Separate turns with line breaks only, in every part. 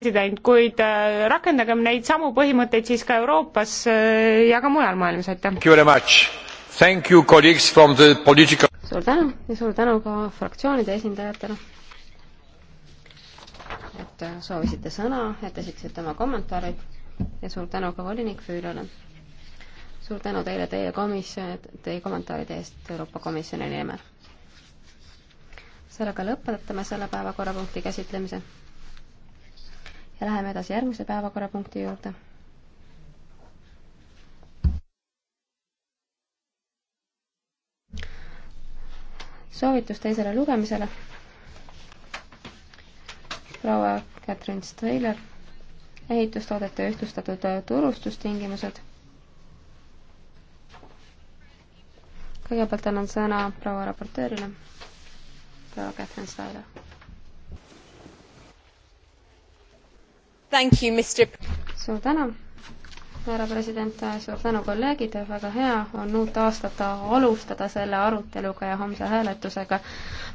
president, kuid äh, rakendagem neid samu põhimõtteid siis ka Euroopas äh, ja ka mujal maailmas, aitäh! Political...
suur tänu ja suur tänu ka fraktsioonide esindajatele, et äh, soovisite sõna, et esitasite oma kommentaarid ja suur tänu ka volinik Füülele. suur tänu teile teie komisjon, teie kommentaaride eest Euroopa Komisjoni nimel. sellega lõpetame selle päevakorrapunkti käsitlemise ja läheme edasi järgmise päevakorrapunkti juurde. soovitus teisele lugemisele. proua Katrin Streiler, ehitustoodete ühtlustatud turustustingimused. kõigepealt annan sõna proua raportöörile, proua Katrin Streiler suur tänu, härra president, suur tänu, kolleegid, väga hea on uut aastat alustada selle aruteluga ja homse hääletusega,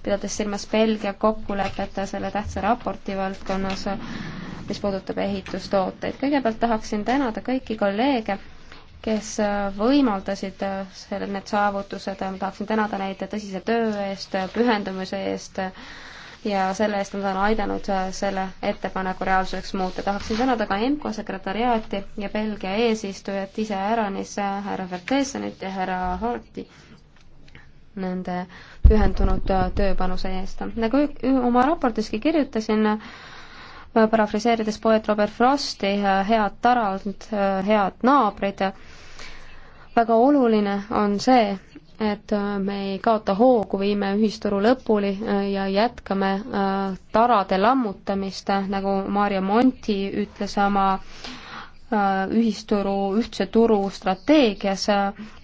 pidades silmas Belgia kokkulepet selle tähtsa raporti valdkonnas, mis puudutab ehitustooteid. kõigepealt tahaksin tänada kõiki kolleege, kes võimaldasid selle, need saavutused, ma tahaksin tänada neid tõsise töö eest, pühendumise eest, ja selle eest nad on aidanud äh, selle ettepaneku reaalsuseks muuta. tahaksin tänada ka EMCO sekretariaati ja Belgia eesistujat iseäranis, äh, härra Vertesonit ja härra Harti nende pühendunud äh, tööpanuse eest. nagu oma raportiski kirjutasin, parafraseerides poeet Robert Frosti, head tarand, head naabrid, väga oluline on see, et äh, me ei kaota hoogu, viime ühisturu lõpuni äh, ja jätkame äh, tarade lammutamist, nagu Maarja Monti ütles oma ühisturu, ühtse turu strateegias.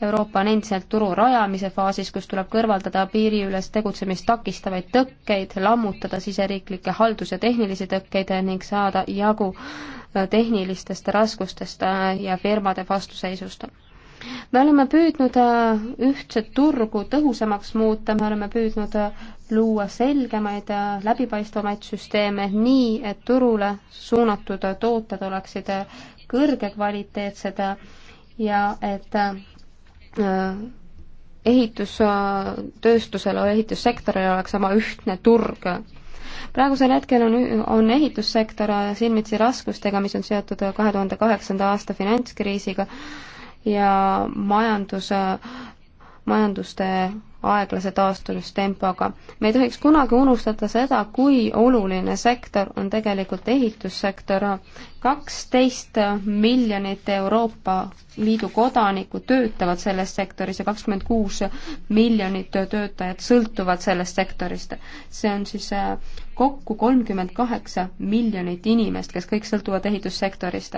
Euroopa on endiselt turu rajamise faasis, kus tuleb kõrvaldada piiriüles tegutsemist takistavaid tõkkeid, lammutada siseriiklikke haldus- ja tehnilisi tõkkeid ning saada jagu tehnilistest raskustest ja firmade vastuseisust me oleme püüdnud äh, ühtset turgu tõhusamaks muuta, me oleme püüdnud äh, luua selgemaid, äh, läbipaistvamaid süsteeme, nii et turule suunatud tooted oleksid kõrgekvaliteetsed ja et ehitustööstusel, ehitussektoril oleks oma ühtne turg praegusel hetkel on, on ehitussektor silmitsi raskustega, mis on seotud kahe tuhande kaheksanda aasta finantskriisiga ja majanduse, majanduste aeglase taastumistempoga. me ei tohiks kunagi unustada seda, kui oluline sektor on tegelikult ehitussektor. kaksteist miljonit Euroopa Liidu kodanikku töötavad selles sektoris ja kakskümmend kuus miljonit töötajat sõltuvad sellest sektorist. see on siis äh, kokku kolmkümmend kaheksa miljonit inimest, kes kõik sõltuvad ehitussektorist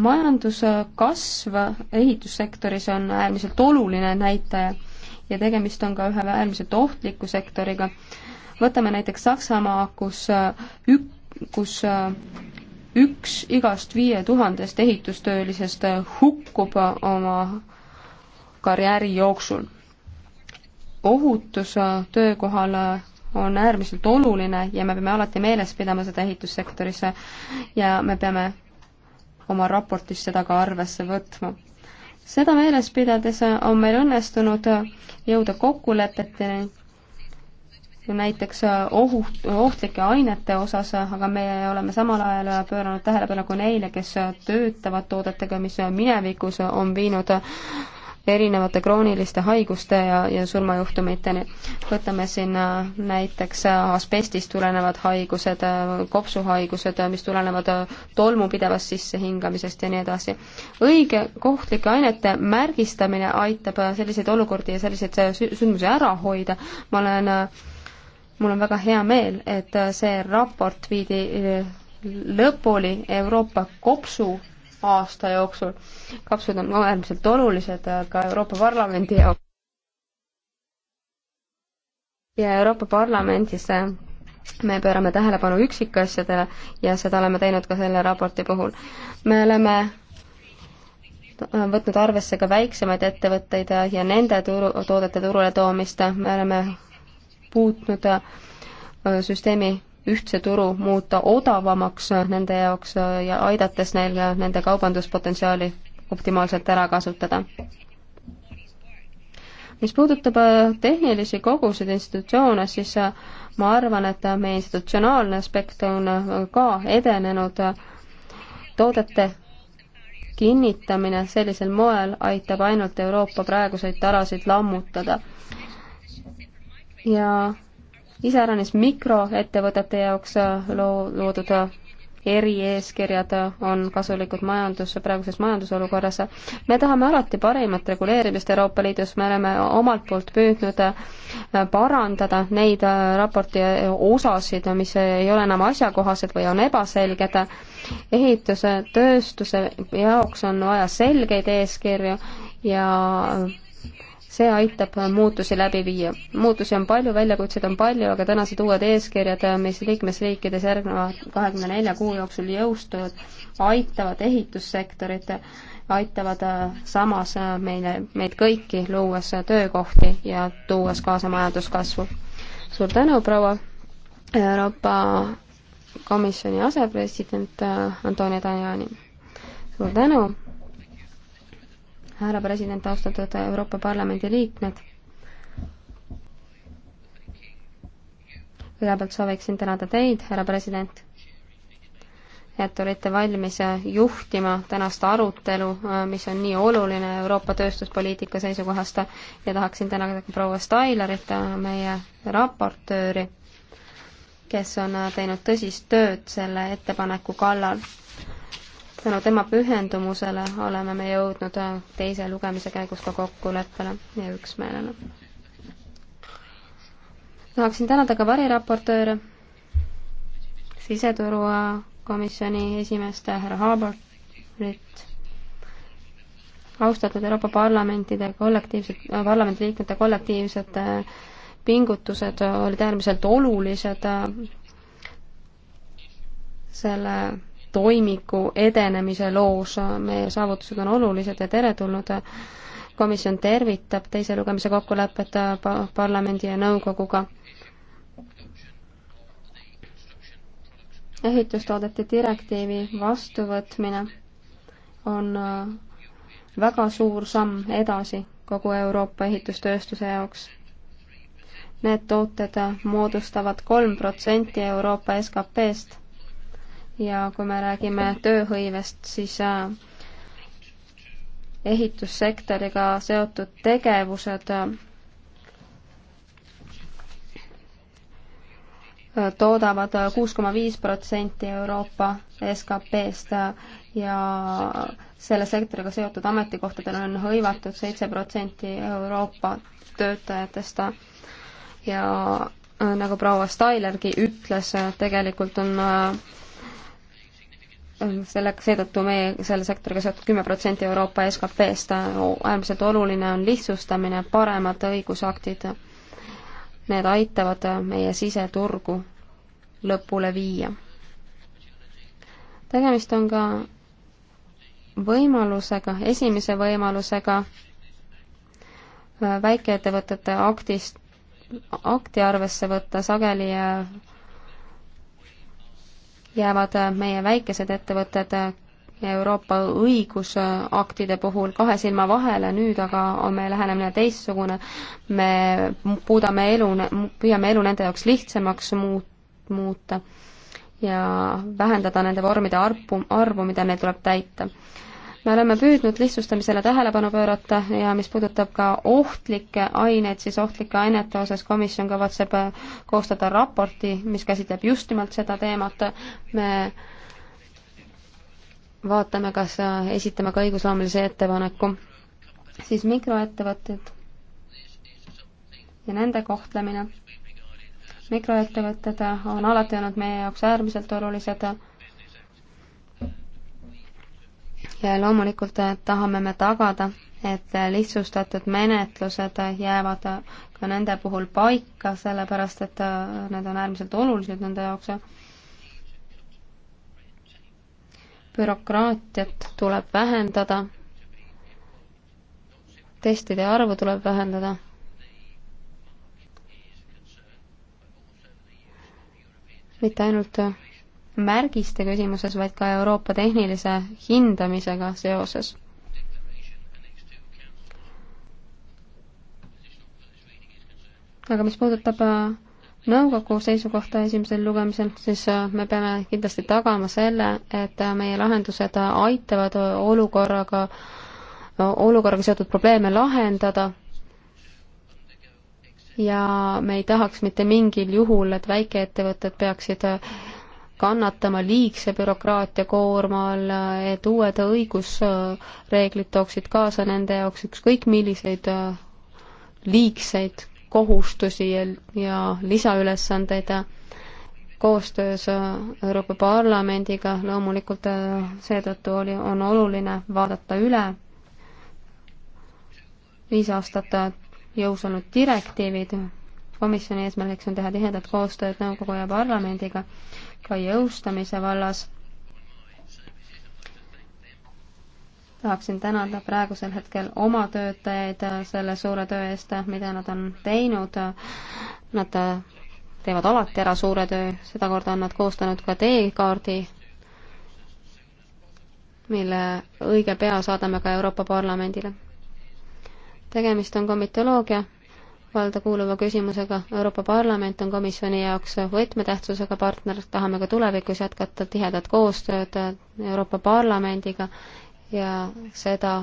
majanduskasv ehitussektoris on äärmiselt oluline näitaja ja tegemist on ka ühe äärmiselt ohtliku sektoriga. võtame näiteks Saksamaa, kus ük-, kus üks igast viie tuhandest ehitustöölisest hukkub oma karjääri jooksul. ohutus töökohal on äärmiselt oluline ja me peame alati meeles pidama seda ehitussektoris ja me peame oma raportis seda ka arvesse võtma. seda meeles pidades on meil õnnestunud jõuda kokkulepeteni näiteks ohu, ohtlike ainete osas, aga me oleme samal ajal pööranud tähelepanu ka neile, kes töötavad toodetega, mis minevikus on viinud erinevate krooniliste haiguste ja, ja surmajuhtumiteni. võtame siin äh, näiteks äh, asbestist tulenevad haigused, äh, kopsuhaigused, mis tulenevad tolmu pidevast sissehingamisest ja nii edasi. õige kohtlike ainete märgistamine aitab selliseid olukordi ja selliseid sündmusi ära hoida, ma olen mul on väga hea meel, et see raport viidi lõpuni Euroopa kopsu aasta jooksul. kapsud on äärmiselt olulised äh, ka Euroopa Parlamendi jaoks. ja Euroopa Parlamendis äh, me pöörame tähelepanu üksikasjadele ja seda oleme teinud ka selle raporti puhul. me oleme äh, võtnud arvesse ka väiksemaid ettevõtteid ja nende turu, toodete turule toomist, me oleme puutnud süsteemi ühtse turu muuta odavamaks nende jaoks ja aidates neil nende kaubanduspotentsiaali optimaalselt ära kasutada. mis puudutab äh, tehnilisi kogusid institutsioone, siis äh, ma arvan, et äh, meie institutsionaalne aspekt on ka edenenud toodete kinnitamine sellisel moel aitab ainult Euroopa praeguseid tarasid lammutada. ja iseäranis mikroettevõtete jaoks äh, loo-, loodud äh, erieeskirjad äh, on kasulikud majandus, praeguses majandusolukorras. me tahame alati parimat reguleerimist Euroopa Liidus, me oleme omalt poolt püüdnud parandada neid raporti osasid, mis ei ole enam asjakohased või on ebaselged. ehituse, tööstuse jaoks on vaja selgeid eeskirju ja see aitab muutusi läbi viia. muutusi on palju, väljakutseid on palju, aga tänased uued eeskirjad, mis liikmesriikides järgneva kahekümne nelja kuu jooksul jõustuvad, aitavad ehitussektorit, aitavad äh, samas äh, meile, meid kõiki, luues äh, töökohti ja tuues kaasa majanduskasvu. suur tänu, proua Euroopa Komisjoni asepresident Antonia Tajani. suur tänu härra president, austatud Euroopa Parlamendi liikmed. kõigepealt sooviksin tänada teid, härra president, et olite valmis juhtima tänast arutelu, mis on nii oluline Euroopa tööstuspoliitika seisukohast ja tahaksin tänada ka proua Stailerit, meie raportööri, kes on teinud tõsist tööd selle ettepaneku kallal tänu tema pühendumusele oleme me jõudnud äh, teise lugemise käigus ka kokkuleppele ja üksmeelele. tahaksin tänada ka variraportööre, siseturu äh, komisjoni esimeest äh, härra Haaberit, austatud Euroopa Parlamentide kollektiivsed, parlamendiliikmete kollektiivsed pingutused olid äärmiselt olulised selle toimiku edenemise loos. meie saavutused on olulised ja teretulnud. komisjon tervitab teise lugemise kokkulepet parlamendi ja nõukoguga. ehitustoodete direktiivi vastuvõtmine on äh, väga suur samm edasi kogu Euroopa ehitustööstuse jaoks. Need tooted moodustavad kolm protsenti Euroopa SKP-st ja kui me räägime tööhõivest, siis äh, ehitussektoriga seotud tegevused äh, toodavad kuus koma viis protsenti Euroopa SKP-st äh, ja selle sektoriga seotud ametikohtadel on hõivatud seitse protsenti Euroopa töötajatest ja nagu proua Stailergi ütles, tegelikult on äh, sellega, seetõttu meie selle sektoriga seotud kümme protsenti Euroopa SKP-st äärmiselt oluline on lihtsustamine, paremad õigusaktid, need aitavad meie siseturgu lõpule viia. tegemist on ka võimalusega, esimese võimalusega äh, väikeettevõtete aktist, akti arvesse võtta sageli äh, jäävad äh, meie väikesed ettevõtted äh, Euroopa õigusaktide puhul kahe silma vahele, nüüd aga on meie lähenemine teistsugune. me puudame elu, püüame elu nende jaoks lihtsamaks muut-, muuta ja vähendada nende vormide arpu, arvu, mida neil tuleb täita me oleme püüdnud lihtsustamisele tähelepanu pöörata ja mis puudutab ka ohtlikke aineid, siis ohtlike ainete osas komisjon kavatseb äh, koostada raporti, mis käsitleb just nimelt seda teemat. me vaatame, kas äh, esitame ka õigusloomelise ettepaneku. siis mikroettevõtted ja nende kohtlemine. mikroettevõtted äh, on alati olnud meie jaoks äärmiselt olulised ja loomulikult eh, tahame me tagada, et lihtsustatud menetlused jäävad eh, ka nende puhul paika, sellepärast et eh, need on äärmiselt olulised nende jaoks. bürokraatiat tuleb vähendada, testide arvu tuleb vähendada mitte ainult märgiste küsimuses, vaid ka Euroopa tehnilise hindamisega seoses. aga mis puudutab äh, nõukogu seisukohta esimesel lugemisel, siis äh, me peame kindlasti tagama selle, et äh, meie lahendused aitavad olukorraga, olukorraga seotud probleeme lahendada ja me ei tahaks mitte mingil juhul, et väikeettevõtted peaksid kannatama liigse bürokraatia koorma all, et uued õigusreeglid tooksid kaasa nende jaoks ükskõik milliseid äh, liigseid kohustusi ja lisaülesandeid äh, koostöös äh, Euroopa Parlamendiga loomulikult seetõttu oli, on oluline vaadata üle viis aastat jõus olnud direktiivid, komisjoni eesmärgiks on teha tihedat koostööd nõukogu ja parlamendiga ka jõustamise vallas. tahaksin tänada praegusel hetkel oma töötajaid selle suure töö eest, mida nad on teinud. Nad teevad alati ära suure töö, sedakorda on nad koostanud ka teekaardi, mille õige pea saadame ka Euroopa Parlamendile. tegemist on komitoloogia valda kuuluva küsimusega. Euroopa Parlament on komisjoni jaoks võtmetähtsusega partner, tahame ka tulevikus jätkata tihedat koostööd Euroopa Parlamendiga ja seda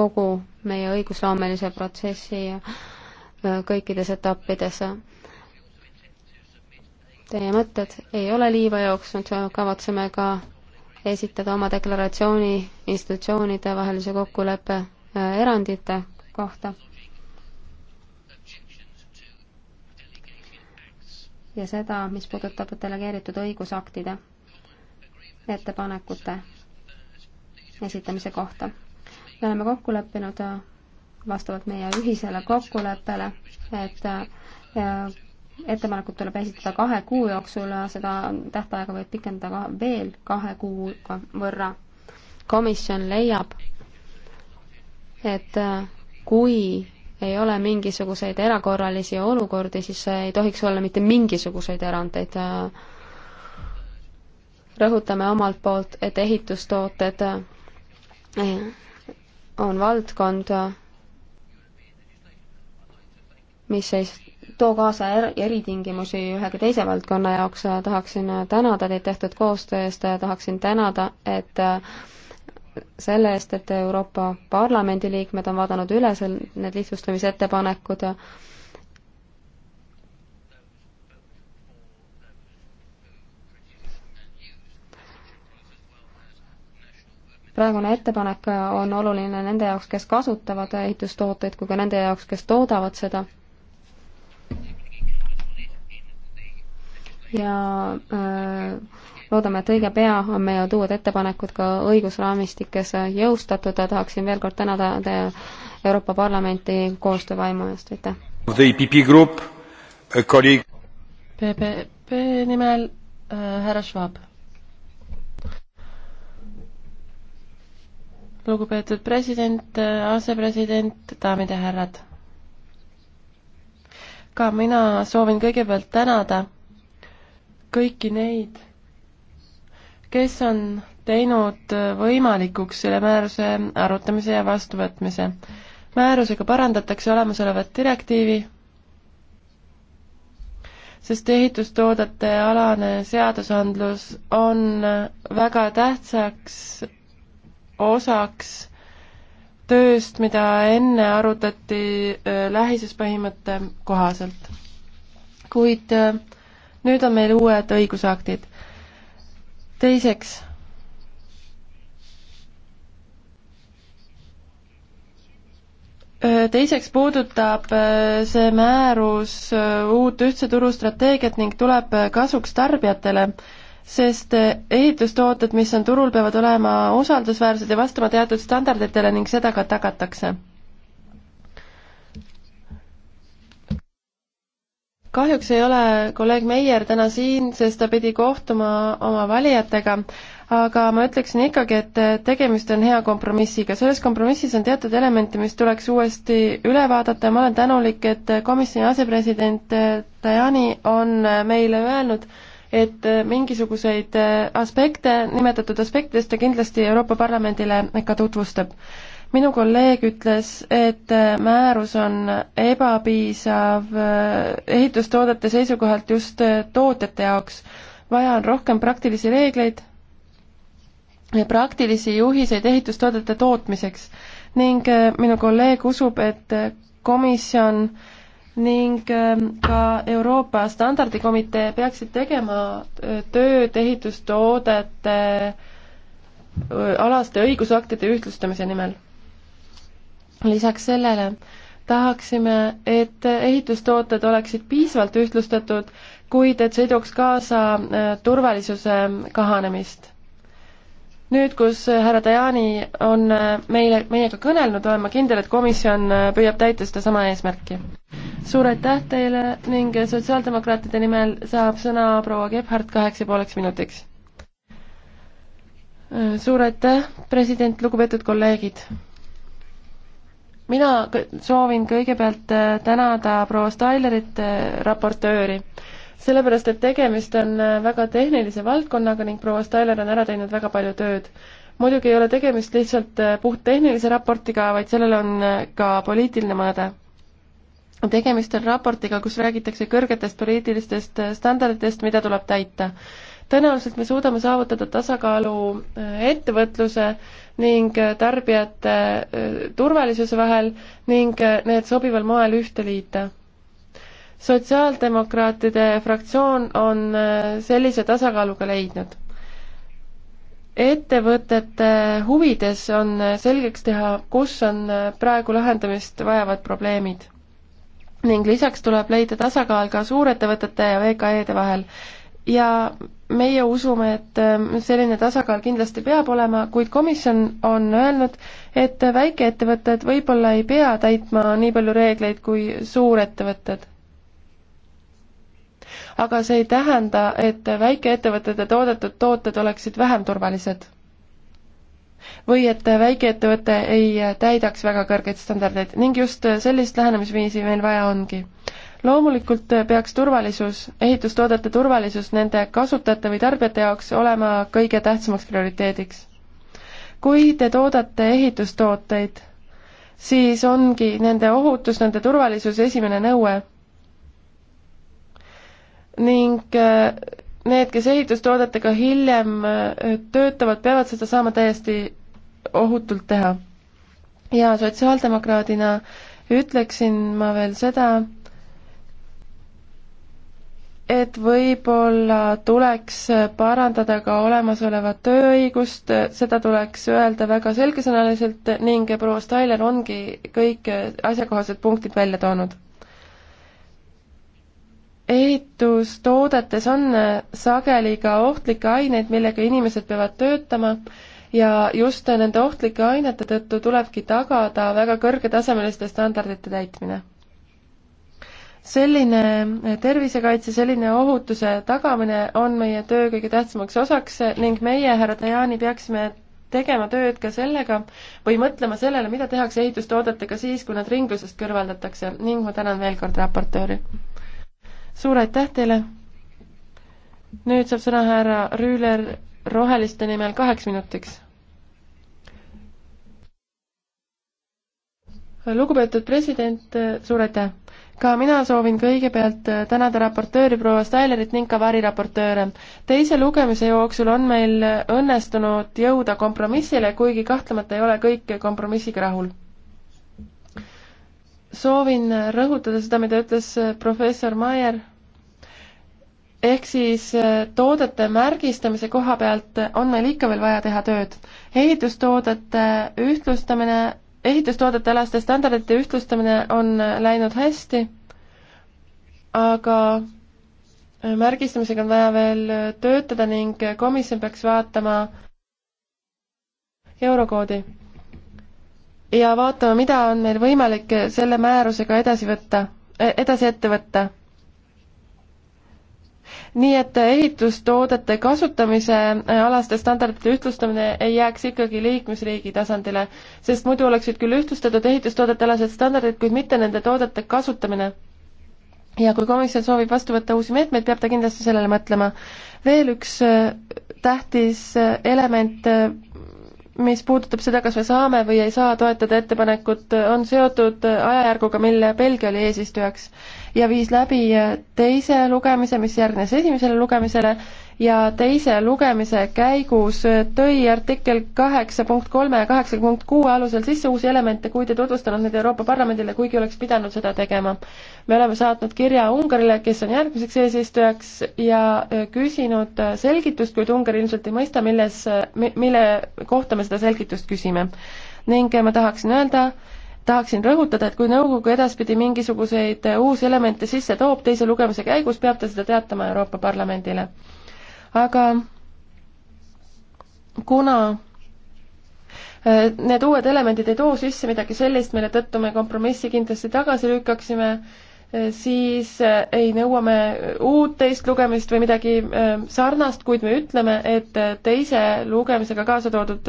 kogu meie õigusloomelise protsessi kõikides etappides. Teie mõtted ei ole liiva jooksnud, kavatseme ka esitada oma deklaratsiooni institutsioonide vahelise kokkuleppe erandite kohta ja seda, mis puudutab delegeeritud õigusaktide ettepanekute esitamise kohta. me oleme kokku leppinud äh, vastavalt meie ühisele kokkuleppele, et äh, ettepanekud tuleb esitada kahe kuu jooksul, seda tähtaega võib pikendada veel kahe kuu võrra. komisjon leiab, et äh, kui ei ole mingisuguseid erakorralisi olukordi, siis ei tohiks olla mitte mingisuguseid erandeid. rõhutame omalt poolt, et ehitustooted eh, on valdkond, mis ei too kaasa er-, eritingimusi ühegi teise valdkonna jaoks, tahaksin tänada teid tehtud koostöö eest, tahaksin tänada, et selle eest, et Euroopa Parlamendi liikmed on vaadanud üle sel-, need lihtsustamisettepanekud ja praegune ettepanek on oluline nende jaoks, kes kasutavad ehitustooteid, kui ka nende jaoks, kes toodavad seda. ja äh, loodame, et õige pea on meie uued ettepanekud ka õigusraamistikes jõustatud ja tahaksin veel kord tänada Euroopa Parlamenti koostöövaimu eest, aitäh! PPP e nimel äh, härra Schwab.
lugupeetud president, äh, asepresident, daamid ja härrad. ka mina soovin kõigepealt tänada kõiki neid kes on teinud võimalikuks selle määruse arutamise ja vastuvõtmise. määrusega parandatakse olemasolevat direktiivi, sest ehitustoodete alane seadusandlus on väga tähtsaks osaks tööst, mida enne arutati äh, lähisuspõhimõtte kohaselt. kuid äh, nüüd on meil uued õigusaktid teiseks, teiseks puudutab see määrus uut ühtse turu strateegiat ning tuleb kasuks tarbijatele, sest ehitustooted, mis on turul, peavad olema usaldusväärsed ja vastama teatud standarditele ning seda ka tagatakse kahjuks ei ole kolleeg Meier täna siin, sest ta pidi kohtuma oma valijatega, aga ma ütleksin ikkagi, et tegemist on hea kompromissiga. selles kompromissis on teatud elemente, mis tuleks uuesti üle vaadata ja ma olen tänulik, et komisjoni asepresident Tajani on meile öelnud, et mingisuguseid aspekte, nimetatud aspektidest ta kindlasti Euroopa Parlamendile ka tutvustab minu kolleeg ütles, et äh, määrus on ebapiisav äh, ehitustoodete seisukohalt just äh, tootjate jaoks. vaja on rohkem praktilisi reegleid ja praktilisi juhiseid ehitustoodete tootmiseks ning minu kolleeg usub, et komisjon ning ka Euroopa Standardikomitee peaksid tegema tööd ehitustoodete alaste õigusaktide ühtlustamise nimel lisaks sellele tahaksime, et ehitustooted oleksid piisavalt ühtlustatud, kuid et see ei tooks kaasa äh, turvalisuse kahanemist. nüüd, kus härra Tajani on äh, meile, meiega kõnelnud, olen ma kindel, et komisjon äh, püüab täita sedasama eesmärki. suur aitäh teile ning sotsiaaldemokraatide nimel saab sõna proua Gebhardt kaheks ja pooleks minutiks. suur aitäh, president, lugupeetud kolleegid mina soovin kõigepealt äh, tänada proua Stailerit, äh, raportööri, sellepärast et tegemist on äh, väga tehnilise valdkonnaga ning proua Stailer on ära teinud väga palju tööd. muidugi ei ole tegemist lihtsalt puhttehnilise raportiga, vaid sellel on ka poliitiline mõõde. tegemist on raportiga, kus räägitakse kõrgetest poliitilistest standarditest, mida tuleb täita tõenäoliselt me suudame saavutada tasakaalu äh, ettevõtluse ning äh, tarbijate äh, turvalisuse vahel ning need sobival moel ühte liita. sotsiaaldemokraatide fraktsioon on sellise tasakaalu ka leidnud. ettevõtete huvides on selgeks teha, kus on praegu lahendamist vajavad probleemid ning lisaks tuleb leida tasakaal ka suurettevõtete ja VKE-de vahel ja meie usume, et äh, selline tasakaal kindlasti peab olema, kuid komisjon on öelnud, et väikeettevõtted võib-olla ei pea täitma nii palju reegleid kui suurettevõtted. aga see ei tähenda, et väikeettevõtete toodetud tooted oleksid vähem turvalised. või et väikeettevõte ei täidaks väga kõrgeid standardeid ning just sellist lähenemisviisi meil vaja ongi loomulikult peaks turvalisus, ehitustoodete turvalisus nende kasutajate või tarbijate jaoks olema kõige tähtsamaks prioriteediks. kui te toodate ehitustooteid, siis ongi nende ohutus, nende turvalisus esimene nõue. ning eh, need, kes ehitustoodetega hiljem eh, töötavad, peavad seda saama täiesti ohutult teha. ja sotsiaaldemokraadina ütleksin ma veel seda, et võib-olla tuleks parandada ka olemasolevat tööõigust, seda tuleks öelda väga selgesõnaliselt ning proua Stailer ongi kõik asjakohased punktid välja toonud. ehitustoodetes on sageli ka ohtlikke aineid, millega inimesed peavad töötama ja just nende ohtlike ainete tõttu tulebki tagada väga kõrgetasemeliste standardite täitmine selline tervisekaitse, selline ohutuse tagamine on meie töö kõige tähtsamaks osaks ning meie, härra Tajani, peaksime tegema tööd ka sellega või mõtlema sellele, mida tehakse ehitustoodetega siis, kui nad ringlusest kõrvaldatakse ning ma tänan veel kord raportööri. suur aitäh teile! nüüd saab sõna härra Rüüler roheliste nimel kaheks minutiks. lugupeetud president, suur aitäh! ka mina soovin kõigepealt äh, tänada raportööri proua Stailerit ning ka variraportööre. teise lugemise jooksul on meil äh, õnnestunud jõuda kompromissile, kuigi kahtlemata ei ole kõik kompromissiga rahul. soovin äh, rõhutada seda, mida ütles professor Maier, ehk siis toodete märgistamise koha pealt on meil ikka veel vaja teha tööd. ehitustoodete ühtlustamine ehitustoodete alaste standardite ühtlustamine on läinud hästi, aga märgistamisega on vaja veel töötada ning komisjon peaks vaatama eurokoodi ja vaatama, mida on meil võimalik selle määrusega edasi võtta, edasi ette võtta nii et ehitustoodete kasutamise äh, alaste standardite ühtlustamine ei jääks ikkagi liikmesriigi tasandile, sest muidu oleksid küll ühtlustatud ehitustoodete alased standardid, kuid mitte nende toodete kasutamine ja kui komisjon soovib vastu võtta uusi meetmeid, peab ta kindlasti sellele mõtlema. veel üks äh, tähtis äh, element mis puudutab seda, kas me saame või ei saa toetada ettepanekut, on seotud ajajärguga, mil Belgia oli eesistujaks ja viis läbi teise lugemise, mis järgnes esimesele lugemisele ja teise lugemise käigus tõi artikkel kaheksa punkt kolme ja kaheksa punkt kuue alusel sisse uusi elemente, kuid ei tutvustanud neid Euroopa Parlamendile, kuigi oleks pidanud seda tegema. me oleme saatnud kirja Ungarile, kes on järgmiseks eesistujaks ja e, küsinud e, selgitust, kuid Ungari ilmselt ei mõista, milles, mille kohta me seda selgitust küsime. ning e, ma tahaksin öelda, tahaksin rõhutada, et kui nõukogu edaspidi mingisuguseid uusi elemente sisse toob teise lugemise käigus, peab ta seda teatama Euroopa Parlamendile aga kuna äh, need uued elemendid ei too sisse midagi sellist, mille tõttu me kompromissi kindlasti tagasi lükkaksime, Äh, siis äh, ei nõua me uut teist lugemist või midagi äh, sarnast, kuid me ütleme, et teise
lugemisega kaasa toodud,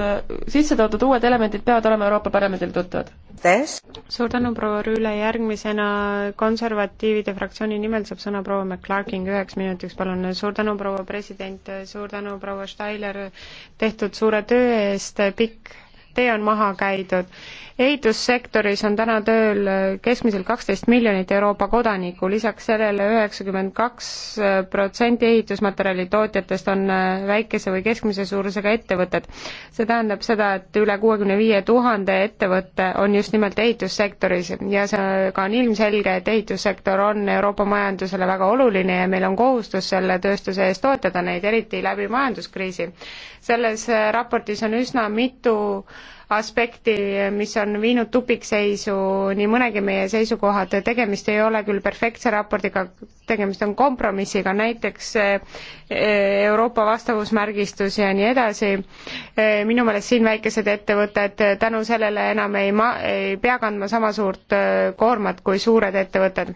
sisse toodud uued elemendid peavad olema Euroopa Parlamendile tuttavad. suur tänu, proua Rüüle, järgmisena konservatiivide fraktsiooni nimel saab sõna proua McClarking üheks minutiks, palun. suur tänu, proua president, suur tänu, proua Steiler, tehtud suure töö eest, pikk tee on maha käidud. ehitussektoris on täna tööl keskmiselt kaksteist miljonit Euroopa kodanikku, lisaks sellele üheksakümmend kaks protsenti ehitusmaterjali tootjatest on äh, väikese või keskmise suurusega ettevõtted. see tähendab seda, et üle kuuekümne viie tuhande ettevõtte on just nimelt ehitussektoris ja see ka on ilmselge, et ehitussektor on Euroopa majandusele väga oluline ja meil on kohustus selle tööstuse eest toetada neid, eriti läbi majanduskriisi. selles äh, raportis on üsna mitu aspekti, mis on viinud tupikseisu nii mõnegi meie seisukohad, tegemist ei ole küll perfektse raportiga, tegemist on kompromissiga, näiteks eh, Euroopa vastavusmärgistus ja nii edasi, eh, minu meelest siin väikesed ettevõtted tänu sellele enam ei ma-, ei pea kandma sama suurt eh, koormat kui suured ettevõtted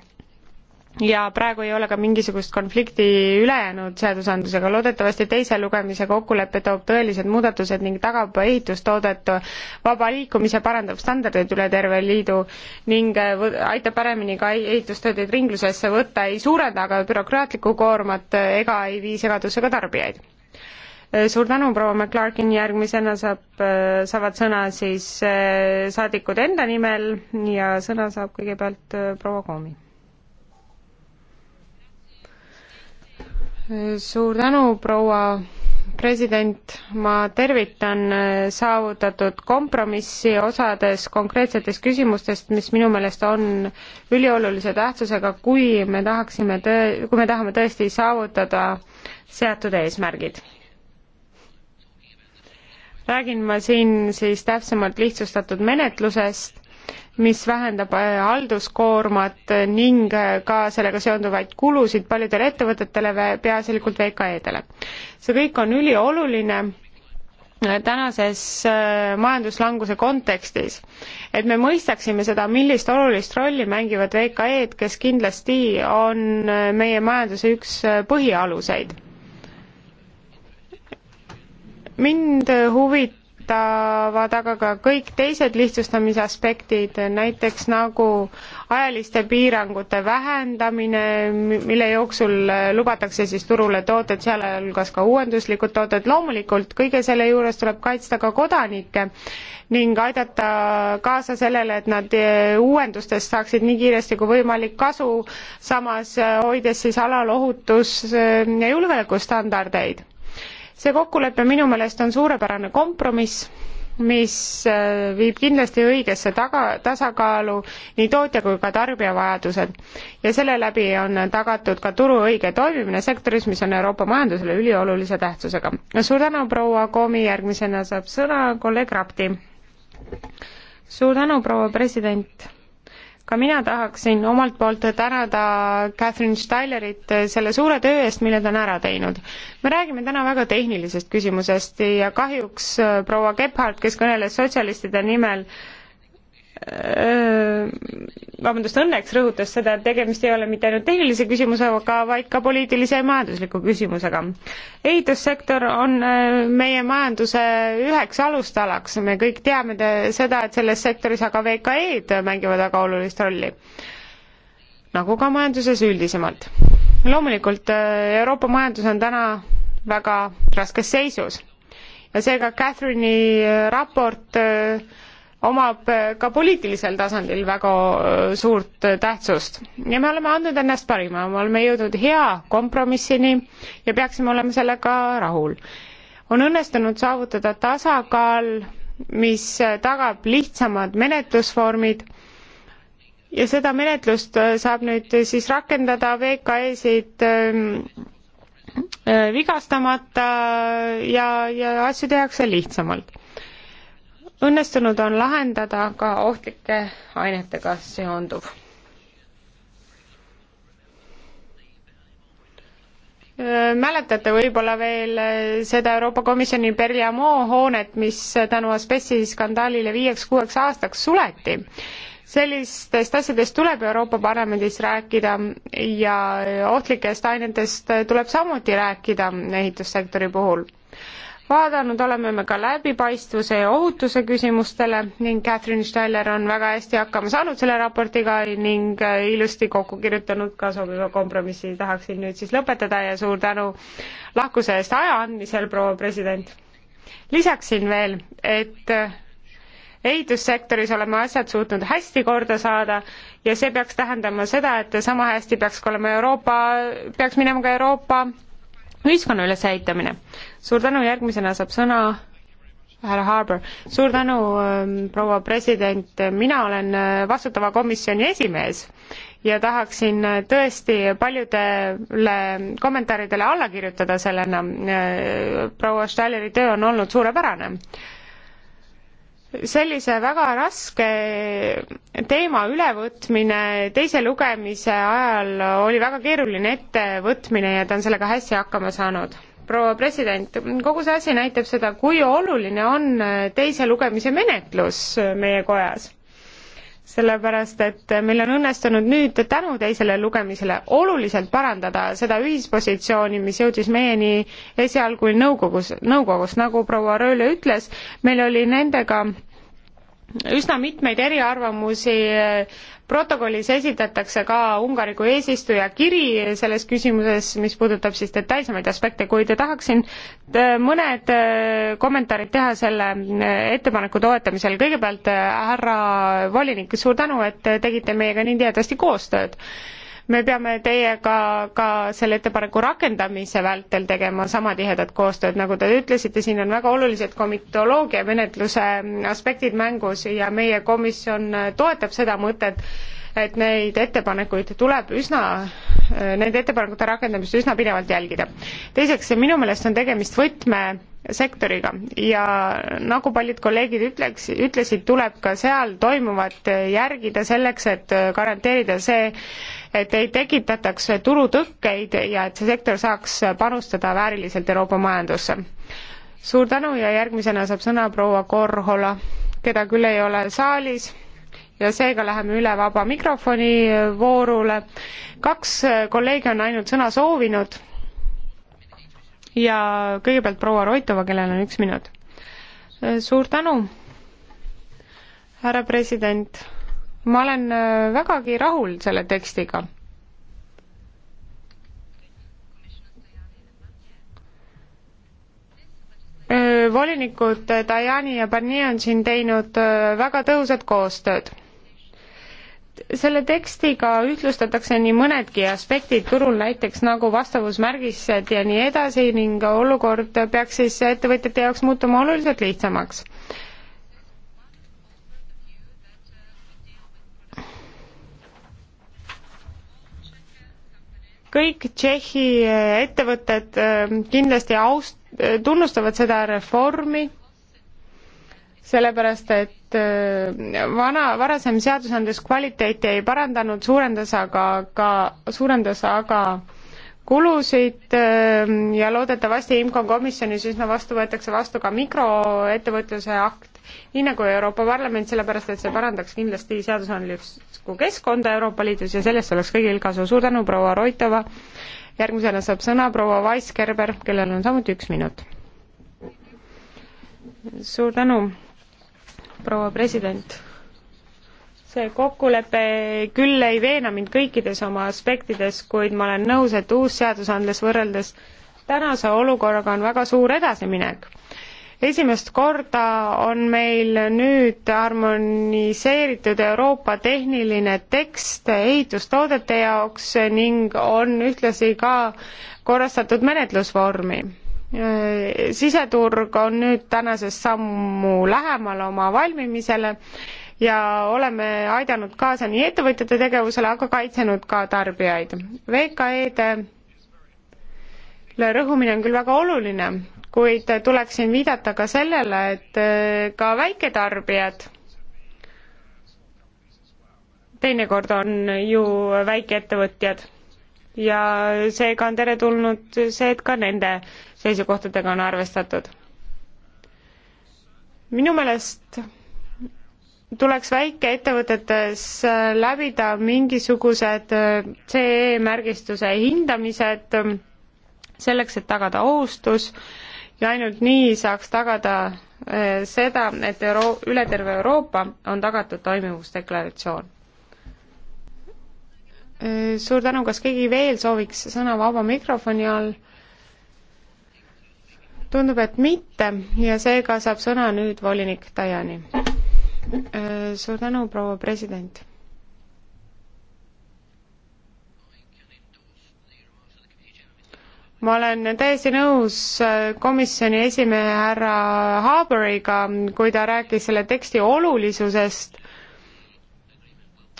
ja praegu ei ole ka mingisugust konflikti ülejäänud seadusandlusega. loodetavasti teise lugemise kokkulepe toob tõelised muudatused ning tagab ehitustoodete vaba liikumise, parandab standardeid üle terve liidu ning äh, aitab paremini ka ehitustöödeid ringlusesse võtta, ei suurenda aga bürokraatlikku koormat äh, ega ei vii segadusse ka tarbijaid äh, suur tänu, proua McClarkin, järgmisena saab, saavad sõna siis saadikud enda nimel ja sõna saab kõigepealt proua Koomi suur tänu, proua president, ma tervitan äh, saavutatud kompromissi osades konkreetsetest küsimustest, mis minu meelest on üliolulise tähtsusega, kui me tahaksime tõe-, kui me tahame tõesti saavutada seatud eesmärgid. räägin ma siin siis täpsemalt lihtsustatud menetlusest mis vähendab äh, halduskoormat ning äh, ka sellega seonduvaid kulusid paljudele ettevõtetele, peaasjalikult VKE-dele. see kõik on ülioluline äh, tänases majanduslanguse kontekstis, et me mõistaksime seda, millist olulist rolli mängivad VKE-d, kes kindlasti on meie majanduse üks põhialuseid. mind huvit-, puudutavad aga ka kõik teised lihtsustamise aspektid, näiteks nagu ajaliste piirangute vähendamine, mille jooksul lubatakse siis turule tooted, sealhulgas ka uuenduslikud tooted, loomulikult kõige selle juures tuleb kaitsta ka kodanikke ning aidata kaasa sellele, et nad e, uuendustest saaksid nii kiiresti kui võimalik kasu, samas e, hoides siis alal ohutus- e, ja julgeolekustandardeid see kokkulepe minu meelest on suurepärane kompromiss, mis äh, viib kindlasti õigesse taga, tasakaalu nii tootja kui ka tarbija vajadused. ja selle läbi on tagatud ka turu õige toimimine sektoris, mis on Euroopa majandusele üliolulise tähtsusega. suur tänu, proua Komi, järgmisena saab sõna kolleeg Rapti. suur tänu, proua president ka mina tahaksin omalt poolt tänada Catherine Stylerit selle suure töö eest, mille ta on ära teinud. me räägime täna väga tehnilisest küsimusest ja kahjuks proua Gebhardt, kes kõneles sotsialistide nimel, vabandust, õnneks rõhutas seda, et tegemist ei ole mitte ainult tehnilise küsimusega, vaid ka poliitilise ja majandusliku küsimusega. ehitussektor on meie majanduse üheks alustalaks, me kõik teame seda, et selles sektoris aga VKE-d mängivad väga olulist rolli, nagu ka majanduses üldisemalt. loomulikult Euroopa majandus on täna väga raskes seisus ja seega Catherine'i äh, raport äh, omab äh, ka poliitilisel tasandil väga äh, suurt äh, tähtsust ja me oleme andnud ennast parima, me oleme jõudnud hea kompromissini ja peaksime olema sellega rahul. on õnnestunud saavutada tasakaal, mis tagab lihtsamad menetlusvormid ja seda menetlust saab nüüd siis rakendada VKE-sid ähm, vigastamata ja, ja asju tehakse lihtsamalt õnnestunud on lahendada ka ohtlike ainetega seonduv. Äh, mäletate võib-olla veel äh, seda Euroopa Komisjoni Berliamo hoonet, mis äh, tänu asbesti skandaalile viieks-kuueks aastaks suleti sellistest asjadest tuleb Euroopa Parlamendis rääkida ja ohtlikest ainetest tuleb samuti rääkida ehitussektori puhul vaadanud oleme me ka läbipaistvuse ja ohutuse küsimustele ning Catherine Steiner on väga hästi hakkama saanud selle raportiga ning äh, ilusti kokku kirjutanud ka sobiva kompromissi. tahaksin nüüd siis lõpetada ja suur tänu lahkuse eest aja andmisel, proua president. lisaksin veel, et äh, ehitussektoris oleme asjad suutnud hästi korda saada ja see peaks tähendama seda, et sama hästi peaks ka olema Euroopa, peaks minema ka Euroopa ühiskonna ülesehitamine. suur tänu, järgmisena saab sõna härra Harbour, suur tänu, ähm, proua president, mina olen äh, vastutava komisjoni esimees ja tahaksin äh, tõesti paljudele kommentaaridele alla kirjutada sellena. Äh, proua Stahleri töö on olnud suurepärane sellise väga raske teema ülevõtmine teise lugemise ajal oli väga keeruline ettevõtmine ja ta on sellega hästi hakkama saanud. proua president, kogu see asi näitab seda, kui oluline on teise lugemise menetlus meie kojas sellepärast et meil on õnnestunud nüüd tänu teisele lugemisele oluliselt parandada seda ühispositsiooni, mis jõudis meieni esialgu nõukogus, nõukogus, nagu proua Rööle ütles, meil oli nendega üsna mitmeid eriarvamusi, protokollis esitatakse ka Ungari kui eesistuja kiri selles küsimuses, mis puudutab siis detailsemaid aspekte, kuid tahaksin äh, mõned äh, kommentaarid teha selle äh, ettepaneku toetamisel. kõigepealt härra volinik, suur tänu, et tegite meiega nii tihedasti koostööd me peame teiega ka selle ettepaneku rakendamise vältel tegema sama tihedat koostööd, nagu te ütlesite, siin on väga olulised komitoloogia menetluse aspektid mängus ja meie komisjon toetab seda mõtet, et neid ettepanekuid tuleb üsna, nende ettepanekute rakendamist üsna pidevalt jälgida. teiseks, minu meelest on tegemist võtme sektoriga ja nagu paljud kolleegid ütleks, ütlesid, tuleb ka seal toimuvat järgida selleks, et garanteerida see, et ei tekitataks turutõkkeid ja et see sektor saaks panustada vääriliselt Euroopa majandusse. suur tänu ja järgmisena saab sõna proua Korhola, keda küll ei ole saalis ja seega läheme üle vaba mikrofoni äh, voorule. kaks äh, kolleegi on ainult sõna soovinud ja kõigepealt proua Roitova, kellel on üks minut. Äh, suur tänu, härra president. ma olen vägagi rahul selle tekstiga. volinikud Dajani ja Barnier on siin teinud väga tõhusat koostööd selle tekstiga ühtlustatakse nii mõnedki aspektid turul, näiteks nagu vastavusmärgised ja nii edasi ning olukord peaks siis ettevõtjate jaoks muutuma oluliselt lihtsamaks. kõik Tšehhi ettevõtted ähm, kindlasti aust-, tunnustavad seda reformi, sellepärast et et äh, vana, varasem seadusandlus kvaliteeti ei parandanud, suurendas aga ka, suurendas aga kulusid äh, ja loodetavasti IMCO komisjonis üsna vastu võetakse vastu ka mikroettevõtluse akt, nii nagu Euroopa Parlament, sellepärast et see parandaks kindlasti seadusandlikku keskkonda Euroopa Liidus ja sellest oleks kõigil kasu. suur tänu, proua Roitova. järgmisena saab sõna proua Weisgerber, kellel on samuti üks minut. suur tänu proua president. see kokkulepe küll ei veena mind kõikides oma aspektides, kuid ma olen nõus, et uus seadusandlus võrreldes tänase olukorraga on väga suur edasiminek esimest korda on meil nüüd harmoniseeritud Euroopa tehniline tekst ehitustoodete jaoks ning on ühtlasi ka korrastatud menetlusvormi Äh, siseturg on nüüd tänasest sammu lähemal oma valmimisele ja oleme aidanud kaasa nii ettevõtjate tegevusele, aga kaitsenud ka tarbijaid. VKE-de rõhumine on küll väga oluline, kuid tuleksin viidata ka sellele, et äh, ka väiketarbijad teinekord on ju väikeettevõtjad ja seega on teretulnud see, et ka nende seisukohtadega on arvestatud. minu meelest tuleks väikeettevõtetes läbida mingisugused CE märgistuse hindamised selleks, et tagada ohustus ja ainult nii saaks tagada eh, seda, et Euro-, üle terve Euroopa on tagatud toimivusdeklaratsioon. Äh, suur tänu, kas keegi veel sooviks sõna vaba mikrofoni all? tundub, et mitte ja seega saab sõna nüüd volinik Tajani. Äh, suur tänu, proua president. ma olen täiesti nõus äh, komisjoni esimehe härra Haaberiga, kui ta rääkis selle teksti olulisusest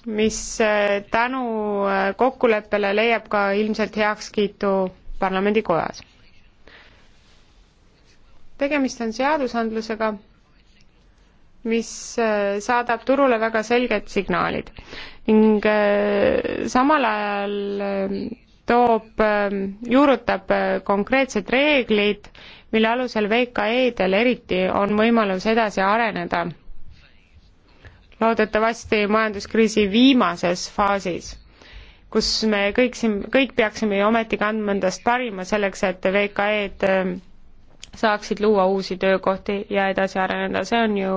mis äh, tänu äh, kokkuleppele leiab ka ilmselt heakskiitu parlamendikojas. tegemist on seadusandlusega, mis äh, saadab turule väga selged signaalid ning samal ajal toob, juurutab konkreetsed reeglid, mille alusel VKE-del eriti on võimalus edasi areneda loodetavasti majanduskriisi viimases faasis, kus me kõik siin, kõik peaksime ju ometigi andma endast parima selleks, et VKE-d ähm, saaksid luua uusi töökohti ja edasi areneda, see on ju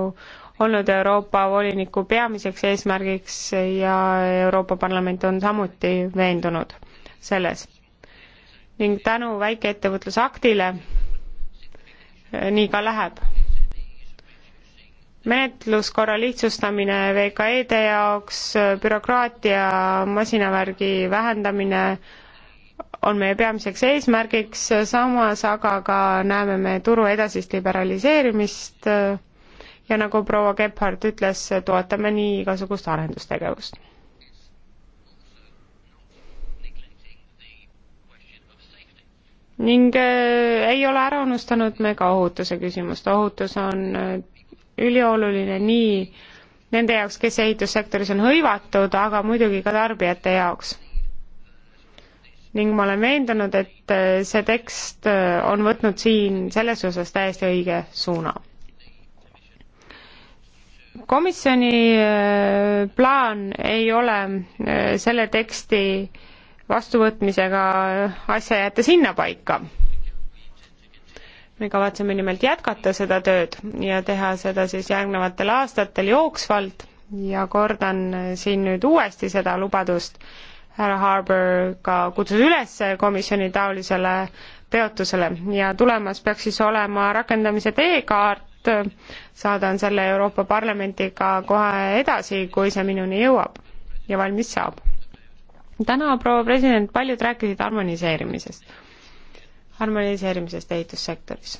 olnud Euroopa voliniku peamiseks eesmärgiks ja Euroopa Parlament on samuti veendunud selles. ning tänu väikeettevõtlusaktile äh, nii ka läheb menetluskorra lihtsustamine VKE-de jaoks, bürokraatia masinavärgi vähendamine on meie peamiseks eesmärgiks, samas aga ka näeme me turu edasist liberaliseerimist ja nagu proua Gebhardt ütles, toetame nii igasugust arendustegevust. ning äh, ei ole ära unustanud me ka ohutuse küsimust, ohutus on äh, ülioluline nii nende jaoks, kes ehitussektoris on hõivatud, aga muidugi ka tarbijate jaoks. ning ma olen veendunud, et äh, see tekst äh, on võtnud siin selles osas täiesti õige suuna. komisjoni äh, plaan ei ole selle teksti vastuvõtmisega asja jätta sinnapaika me kavatseme nimelt jätkata seda tööd ja teha seda siis järgnevatel aastatel jooksvalt ja kordan siin nüüd uuesti seda lubadust, härra Harbour ka kutsus üles komisjoni taolisele peotusele ja tulemas peaks siis olema rakendamise teekaart, saadan selle Euroopa Parlamendiga kohe edasi, kui see minuni jõuab ja valmis saab. täna, proua president, paljud rääkisid harmoniseerimisest harmoniseerimisest ehitussektoris.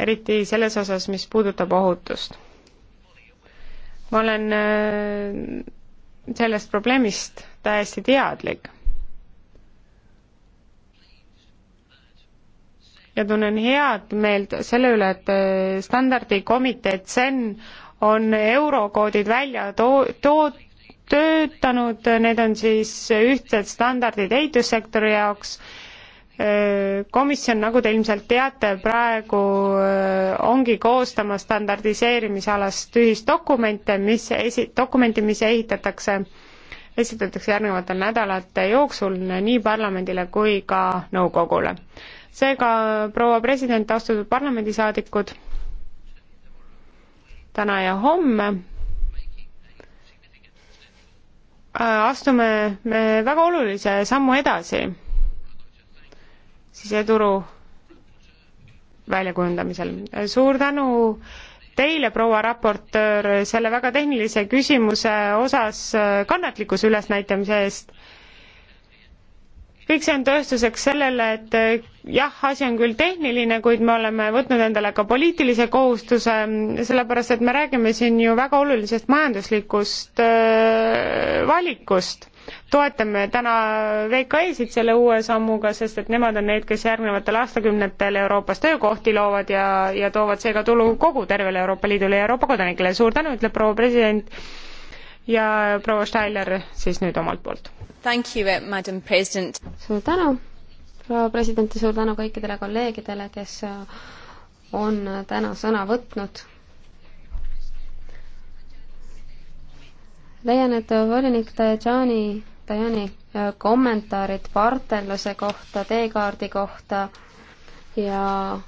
eriti selles osas, mis puudutab ohutust. ma olen äh, sellest probleemist täiesti teadlik. ja tunnen head meelt selle üle, et äh, standardikomitee CEN on eurokoodid välja too-, too-, töötanud, need on siis ühtsed standardid ehitussektori jaoks. Komisjon, nagu te ilmselt teate, praegu ongi koostamas standardiseerimisalast ühisdokumente, mis esi-, dokumenti, mis ehitatakse, esitatakse järgnevate nädalate jooksul nii parlamendile kui ka nõukogule. seega, proua president, austatud parlamendisaadikud, täna ja homme Äh, astume me väga olulise sammu edasi siseturu väljakujundamisel. suur tänu teile, proua raportöör, selle väga tehnilise küsimuse osas äh, kannatlikkuse ülesnäitamise eest kõik see on tõestuseks sellele, et eh, jah, asi on küll tehniline, kuid me oleme võtnud endale ka poliitilise kohustuse, sellepärast et me räägime siin ju väga olulisest majanduslikust eh, valikust. toetame täna VKE-sid selle uue sammuga, sest et nemad on need, kes järgnevatel aastakümnetel Euroopas töökohti loovad ja, ja toovad seega tulu kogu tervele Euroopa Liidule ja Euroopa kodanikele. suur tänu, ütleb proua president ja proua Steiler siis nüüd omalt poolt.
suur tänu, proua president ja suur tänu kõikidele kolleegidele, kes äh, on täna sõna võtnud. leian, et volinik Dajani, Dajani äh, kommentaarid partnerluse kohta, teekaardi kohta ja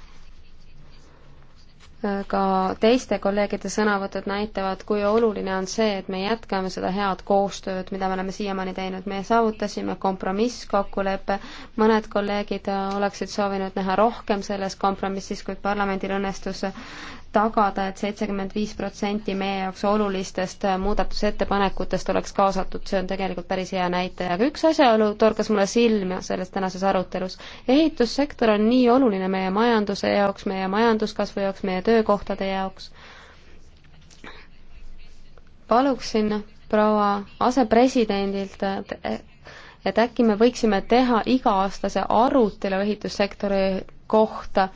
ka teiste kolleegide sõnavõtud näitavad, kui oluline on see, et me jätkame seda head koostööd, mida me oleme siiamaani teinud. me saavutasime kompromisskokkuleppe, mõned kolleegid oleksid soovinud näha rohkem selles kompromissis, kuid parlamendil õnnestus tagada et, et seitsekümmend viis protsenti meie jaoks olulistest äh, muudatusettepanekutest oleks kaasatud, see on tegelikult päris hea näitaja, aga üks asjaolu torkas mulle silma selles tänases arutelus. ehitussektor on nii oluline meie majanduse jaoks, meie majanduskasvu jaoks, meie töökohtade jaoks. paluksin proua asepresidendilt, et äkki me võiksime teha iga-aastase arutelu ehitussektori kohta,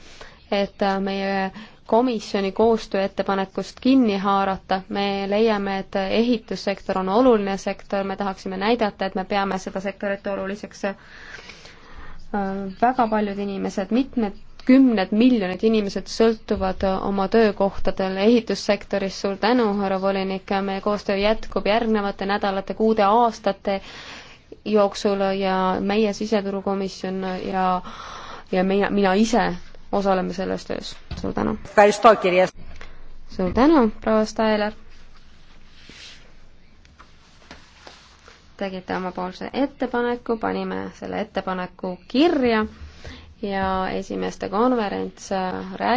et äh, meie komisjoni koostööettepanekust kinni haarata, me leiame, et ehitussektor on oluline sektor, me tahaksime näidata, et me peame seda sektorit oluliseks. Äh, väga paljud inimesed, mitmed kümned miljonid inimesed sõltuvad oma töökohtadel ehitussektorist, suur tänu, härra volinik, meie koostöö jätkub järgnevate nädalate, kuude, aastate jooksul ja meie siseturukomisjon ja ja mina, mina ise osaleme selles töös. suur tänu! suur tänu, proua Staeler! tegite omapoolse ettepaneku, panime selle ettepaneku kirja ja esimeeste konverents räägib